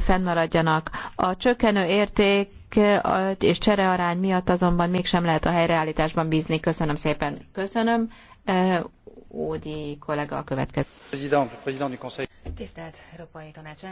fennmaradjanak. A csökkenő érték és cserearány miatt azonban mégsem lehet a helyreállításban bízni. Köszönöm szépen. Köszönöm. Ódi kollega a következő. Tisztelt Európai Tanács